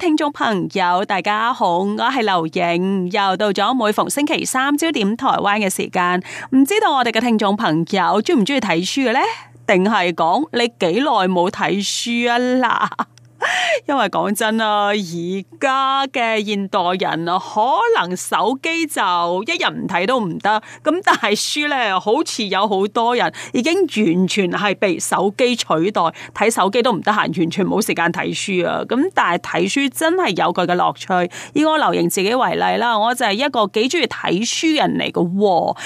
聽眾朋友，大家好，我係劉影，又到咗每逢星期三焦點台灣嘅時間。唔知道我哋嘅聽眾朋友中唔中意睇書嘅呢？定係講你幾耐冇睇書啊啦？因為講真啦，而家嘅現代人啊，可能手機就一日唔睇都唔得。咁但係書咧，好似有好多人已經完全係被手機取代，睇手機都唔得閒，完全冇時間睇書啊。咁但係睇書真係有佢嘅樂趣。以我劉瑩自己為例啦，我就係一個幾中意睇書人嚟嘅。咁、哦、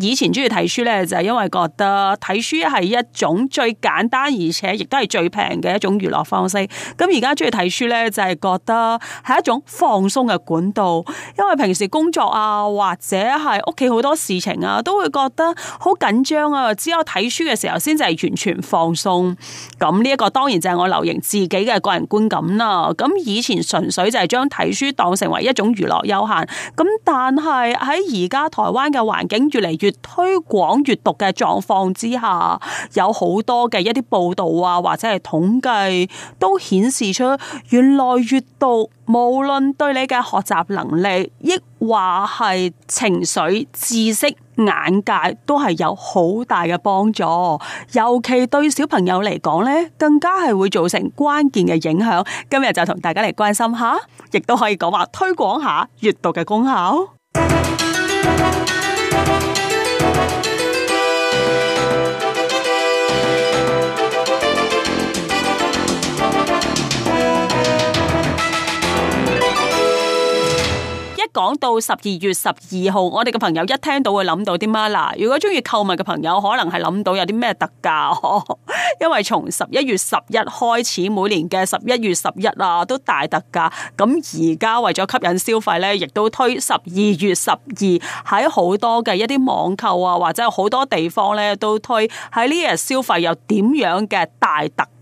以前中意睇書咧，就係、是、因為覺得睇書係一種最簡單而且亦都係最平嘅一種娛樂方式。咁而家中意睇書咧，就係、是、覺得係一種放鬆嘅管道，因為平時工作啊，或者係屋企好多事情啊，都會覺得好緊張啊，只有睇書嘅時候先至係完全放鬆。咁呢一個當然就係我留瑩自己嘅個人觀感啦。咁以前純粹就係將睇書當成為一種娛樂休閒咁。但係喺而家台灣嘅環境越嚟越推廣閱讀嘅狀況之下，有好多嘅一啲報道啊，或者係統計都顯示出原來閱讀，無論對你嘅學習能力，抑或係情緒、知識、眼界，都係有好大嘅幫助。尤其對小朋友嚟講咧，更加係會造成關鍵嘅影響。今日就同大家嚟關心下，亦都可以講話推廣下閱讀嘅功效。講到十二月十二號，我哋嘅朋友一聽到會諗到啲乜？嗱，如果中意購物嘅朋友，可能係諗到有啲咩特價呵呵。因為從十一月十一開始，每年嘅十一月十一啊都大特價。咁而家為咗吸引消費咧，亦都推十二月十二喺好多嘅一啲網購啊，或者好多地方咧都推喺呢日消費又點樣嘅大特價？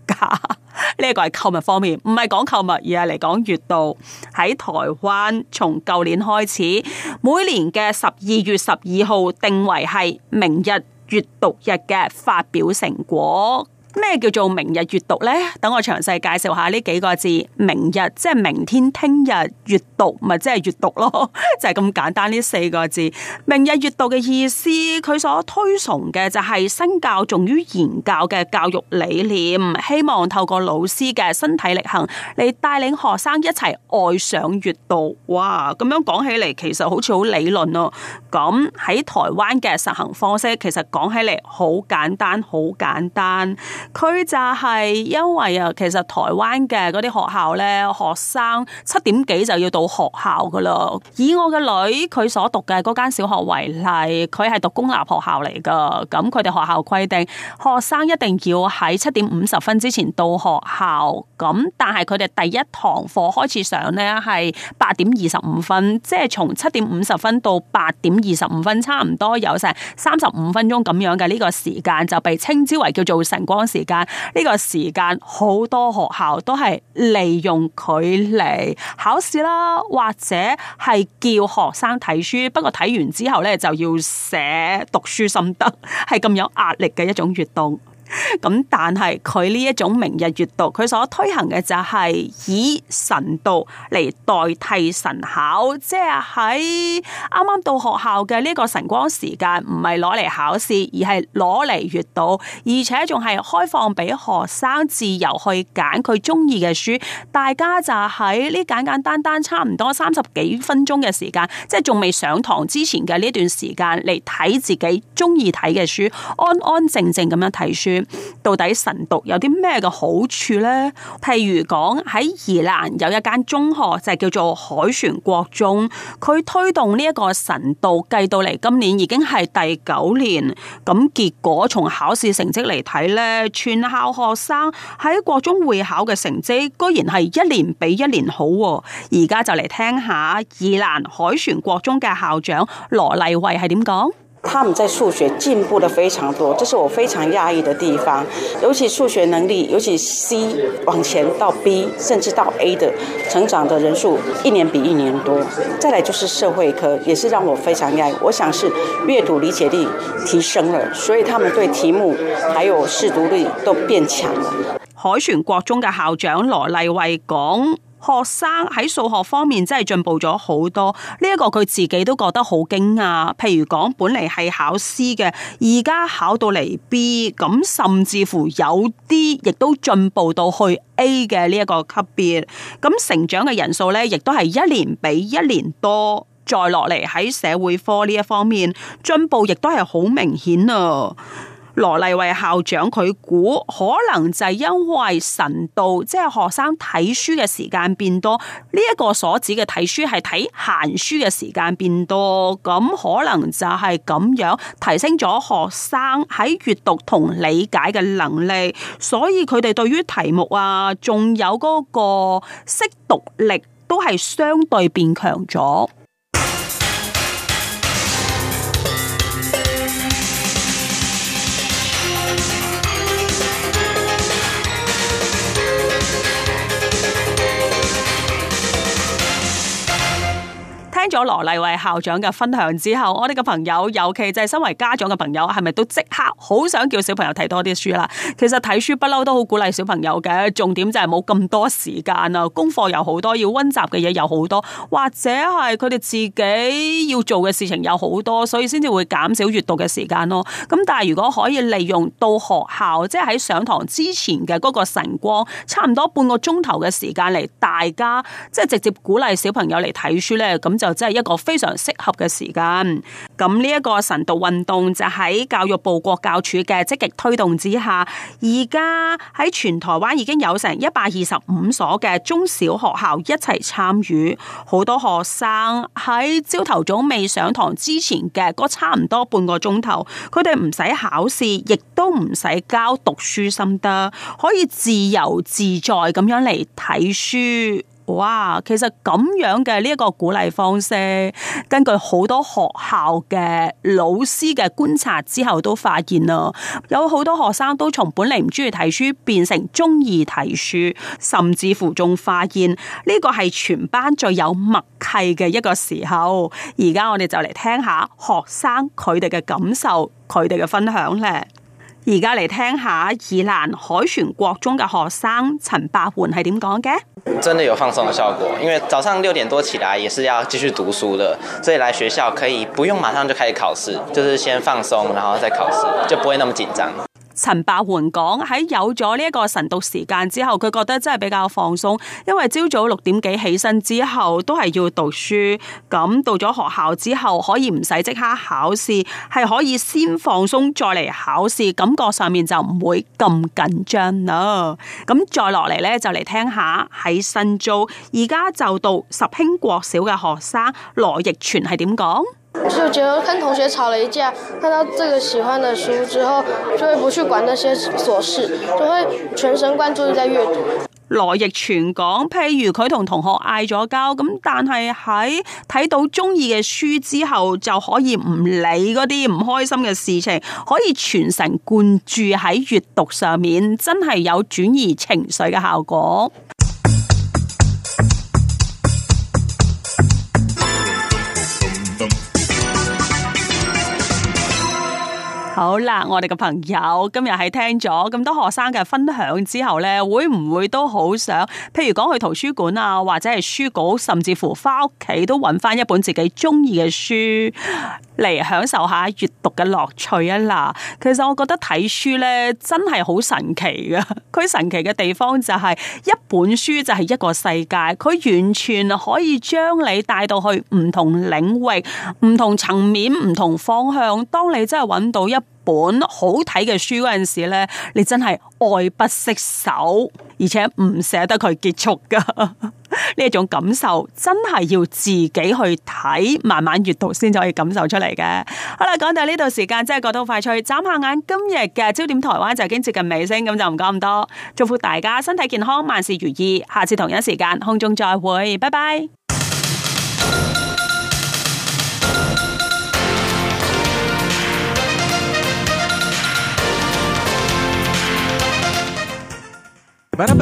呢一個係購物方面，唔係講購物，而係嚟講閱讀。喺台灣，從舊年開始，每年嘅十二月十二號定為係明日閱讀日嘅發表成果。咩叫做明日閱讀呢？等我詳細介紹下呢幾個字。明日即係明天、聽日閱讀，咪即係閱讀咯，就係、是、咁簡單呢四個字。明日閱讀嘅意思，佢所推崇嘅就係身教重於言教嘅教育理念，希望透過老師嘅身體力行嚟帶領學生一齊愛上閱讀。哇，咁樣講起嚟其實好似好理論咯、哦。咁喺台灣嘅實行方式，其實講起嚟好簡單，好簡單。佢就係因為啊，其實台灣嘅嗰啲學校咧，學生七點幾就要到學校噶啦。以我嘅女佢所讀嘅嗰間小學為例，佢係讀公立學校嚟噶，咁佢哋學校規定學生一定要喺七點五十分之前到學校。咁，但係佢哋第一堂課開始上呢，係八點二十五分，即係從七點五十分到八點二十五分，差唔多有成三十五分鐘咁樣嘅呢個時間就被稱之爲叫做晨光時間。呢、這個時間好多學校都係利用佢嚟考試啦，或者係叫學生睇書。不過睇完之後呢，就要寫讀書心得，係咁有壓力嘅一種閱讀活動。咁但係佢呢一種明日閱讀，佢所推行嘅就係以晨讀嚟代替晨考，即係喺啱啱到學校嘅呢個晨光時間，唔係攞嚟考試，而係攞嚟閱讀，而且仲係開放俾學生自由去揀佢中意嘅書。大家就喺呢簡簡單單差唔多三十幾分鐘嘅時間，即係仲未上堂之前嘅呢段時間嚟睇自己中意睇嘅書，安安靜靜咁樣睇書。到底晨讀有啲咩嘅好處呢？譬如講，喺宜蘭有一間中學就係，叫做海船國中，佢推動呢一個晨讀計到嚟，今年已經係第九年，咁結果從考試成績嚟睇呢，全校學生喺國中會考嘅成績居然係一年比一年好。而家就嚟聽，聽下宜蘭海船國中嘅校長羅麗慧係點講。他們在數學進步的非常多，這是我非常訝異的地方，尤其數學能力，尤其 C 往前到 B 甚至到 A 的成長的人數，一年比一年多。再來就是社會科，也是讓我非常訝異。我想是閱讀理解力提升了，所以他們對題目還有試讀力都變強了。海泉國中嘅校長羅麗慧講。學生喺數學方面真係進步咗好多，呢一個佢自己都覺得好驚訝。譬如講，本嚟係考 C 嘅，而家考到嚟 B，咁甚至乎有啲亦都進步到去 A 嘅呢一個級別。咁成長嘅人數呢，亦都係一年比一年多。再落嚟喺社會科呢一方面進步，亦都係好明顯啊！羅麗慧校長，佢估可能就係因為晨讀，即係學生睇書嘅時間變多，呢一個所指嘅睇書係睇閒書嘅時間變多，咁可能就係咁樣提升咗學生喺閱讀同理解嘅能力，所以佢哋對於題目啊，仲有嗰個識讀力都係相對變強咗。聽咗羅麗慧校長嘅分享之後，我哋嘅朋友，尤其就係身為家長嘅朋友，係咪都即刻好想叫小朋友睇多啲書啦？其實睇書不嬲，都好鼓勵小朋友嘅，重點就係冇咁多時間啊，功課有好多，要溫習嘅嘢，有好多，或者係佢哋自己要做嘅事情有好多，所以先至會減少閱讀嘅時間咯。咁但係如果可以利用到學校，即係喺上堂之前嘅嗰個晨光，差唔多半個鐘頭嘅時間嚟，大家即係、就是、直接鼓勵小朋友嚟睇書呢。咁就。即係一個非常適合嘅時間，咁呢一個晨讀運動就喺教育部國教署嘅積極推動之下，而家喺全台灣已經有成一百二十五所嘅中小學校一齊參與，好多學生喺朝頭早未上堂之前嘅嗰差唔多半個鐘頭，佢哋唔使考試，亦都唔使交讀書心得，可以自由自在咁樣嚟睇書。哇，其實咁樣嘅呢一個鼓勵方式，根據好多學校嘅老師嘅觀察之後，都發現啦，有好多學生都從本嚟唔中意睇書，變成中意睇書，甚至乎仲發現呢個係全班最有默契嘅一個時候。而家我哋就嚟聽下學生佢哋嘅感受，佢哋嘅分享咧。而家嚟聽下宜蘭海泉國中嘅學生陳百煥係點講嘅？真的有放鬆嘅效果，因為早上六點多起來也是要繼續讀書的，所以來學校可以不用馬上就開始考試，就是先放鬆，然後再考試，就不會那麼緊張。陳百媛講，喺有咗呢一個晨讀時間之後，佢覺得真係比較放鬆，因為朝早六點幾起身之後都係要讀書，咁到咗學校之後可以唔使即刻考試，係可以先放鬆再嚟考試，感覺上面就唔會咁緊張啦。咁再落嚟呢，就嚟聽，聽下喺新竹而家就讀十興國小嘅學生羅奕全係點講。就覺得跟同學吵了一架，看到這個喜歡的書之後，就會不去管那些瑣事，就會全神貫注在閱讀。羅亦全講，譬如佢同同學嗌咗交，咁但係喺睇到中意嘅書之後，就可以唔理嗰啲唔開心嘅事情，可以全神貫注喺閱讀上面，真係有轉移情緒嘅效果。好啦，我哋嘅朋友今日係聽咗咁多學生嘅分享之後咧，會唔會都好想？譬如講去圖書館啊，或者係書局，甚至乎翻屋企都揾翻一本自己中意嘅書嚟享受下閱讀嘅樂趣啊！嗱，其實我覺得睇書咧真係好神奇噶，佢神奇嘅地方就係、是、一本書就係一個世界，佢完全可以將你帶到去唔同領域、唔同層面、唔同方向。當你真係揾到一本好睇嘅書嗰陣時呢，你真係愛不釋手，而且唔捨得佢結束噶呢一種感受，真係要自己去睇，慢慢閱讀先至可以感受出嚟嘅。好啦，講到呢度時間真係過到快脆，眨下眼今日嘅焦點台灣就已經接近尾聲，咁就唔講咁多。祝福大家身體健康，萬事如意。下次同一時間空中再會，拜拜。